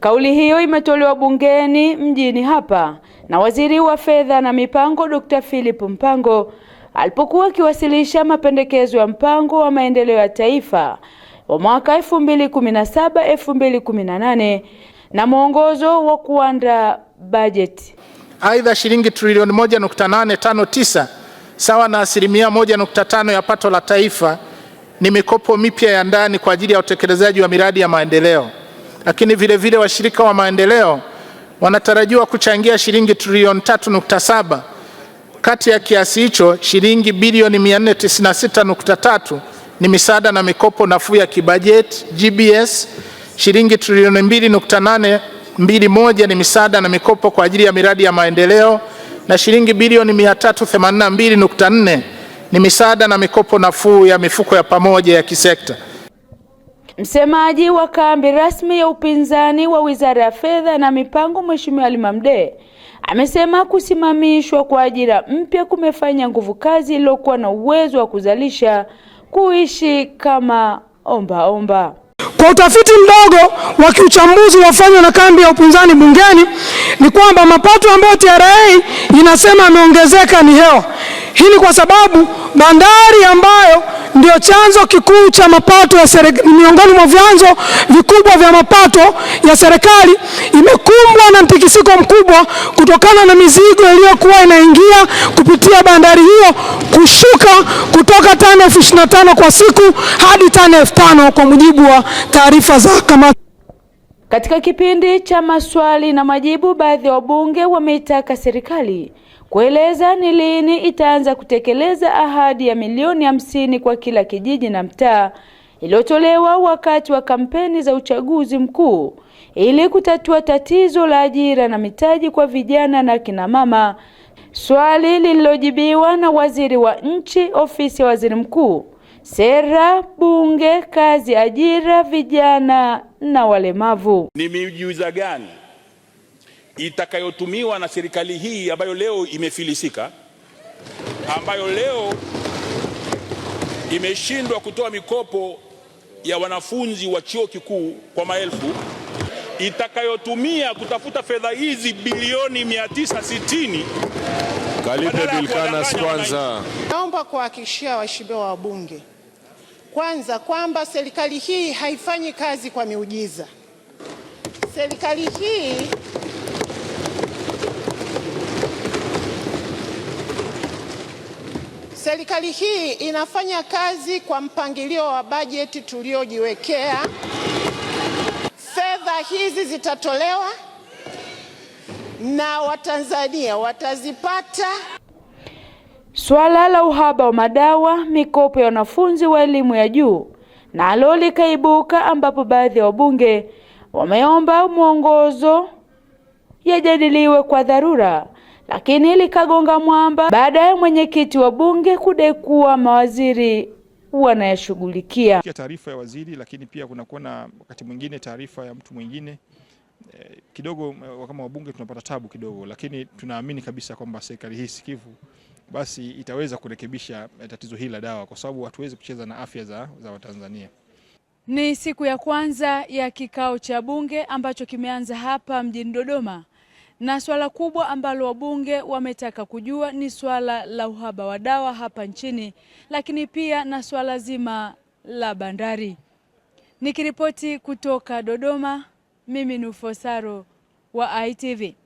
Kauli hiyo imetolewa bungeni mjini hapa na Waziri wa Fedha na Mipango Dr. Philip Mpango alipokuwa akiwasilisha mapendekezo ya mpango wa maendeleo ya taifa wa mwaka 2017 2018 na mwongozo wa kuandaa bajeti. Aidha, shilingi trilioni 1.859 sawa na asilimia 1.5 ya pato la taifa ni mikopo mipya ya ndani kwa ajili ya utekelezaji wa miradi ya maendeleo lakini vile vile washirika wa maendeleo wanatarajiwa kuchangia shilingi trilioni 3.7. Kati ya kiasi hicho, shilingi bilioni 496.3 ni misaada na mikopo nafuu ya kibajeti GBS, shilingi trilioni 2.821 ni misaada na mikopo kwa ajili ya miradi ya maendeleo na shilingi bilioni 382.4 ni misaada na mikopo nafuu ya mifuko ya pamoja ya kisekta. Msemaji wa kambi rasmi ya upinzani wa Wizara ya Fedha na Mipango, Mheshimiwa Ally amesema kusimamishwa kwa ajira mpya kumefanya nguvu kazi iliyokuwa na uwezo wa kuzalisha kuishi kama ombaomba omba. Kwa utafiti mdogo wa kiuchambuzi uliofanywa na kambi ya upinzani bungeni ni kwamba mapato ambayo TRA inasema yameongezeka ni hewa. Hii ni kwa sababu bandari ambayo ndio chanzo kikuu cha mapato ya serikali. Miongoni mwa vyanzo vikubwa vya mapato ya serikali, imekumbwa na mtikisiko mkubwa kutokana na mizigo iliyokuwa inaingia kupitia bandari hiyo kushuka kutoka tani elfu ishirini na tano kwa siku hadi tani elfu tano kwa mujibu wa taarifa za kamati. Katika kipindi cha maswali na majibu, baadhi ya wabunge wameitaka serikali kueleza ni lini itaanza kutekeleza ahadi ya milioni hamsini kwa kila kijiji na mtaa iliyotolewa wakati wa kampeni za uchaguzi mkuu ili kutatua tatizo la ajira na mitaji kwa vijana na kina mama, swali lililojibiwa na waziri wa nchi ofisi ya waziri mkuu, sera, bunge, kazi, ajira, vijana na walemavu. Ni miujiza gani itakayotumiwa na serikali hii ambayo leo imefilisika, ambayo leo imeshindwa kutoa mikopo ya wanafunzi wa chuo kikuu kwa maelfu, itakayotumia kutafuta fedha hizi bilioni 960 Kalipe Bilkanas. Kwanza naomba kuwahakikishia waheshimiwa wabunge kwanza kwamba serikali hii haifanyi kazi kwa miujiza. Serikali hii Serikali hii inafanya kazi kwa mpangilio wa bajeti tuliojiwekea. Fedha hizi zitatolewa na Watanzania watazipata. Suala la uhaba wa madawa, mikopo ya wanafunzi wa elimu ya juu nalo likaibuka, ambapo baadhi ya wabunge wameomba mwongozo yajadiliwe kwa dharura lakini likagonga mwamba baadaye mwenyekiti wa bunge kudai kuwa mawaziri wanayashughulikia. Taarifa ya waziri, lakini pia kunakuwa na wakati mwingine taarifa ya mtu mwingine eh, kidogo eh, kama wabunge tunapata tabu kidogo, lakini tunaamini kabisa kwamba serikali hii sikivu basi itaweza kurekebisha eh, tatizo hili la dawa, kwa sababu hatuwezi kucheza na afya za, za Watanzania. Ni siku ya kwanza ya kikao cha bunge ambacho kimeanza hapa mjini Dodoma na swala kubwa ambalo wabunge wametaka kujua ni swala la uhaba wa dawa hapa nchini, lakini pia na swala zima la bandari. Nikiripoti kutoka Dodoma, mimi ni Ufosaro wa ITV.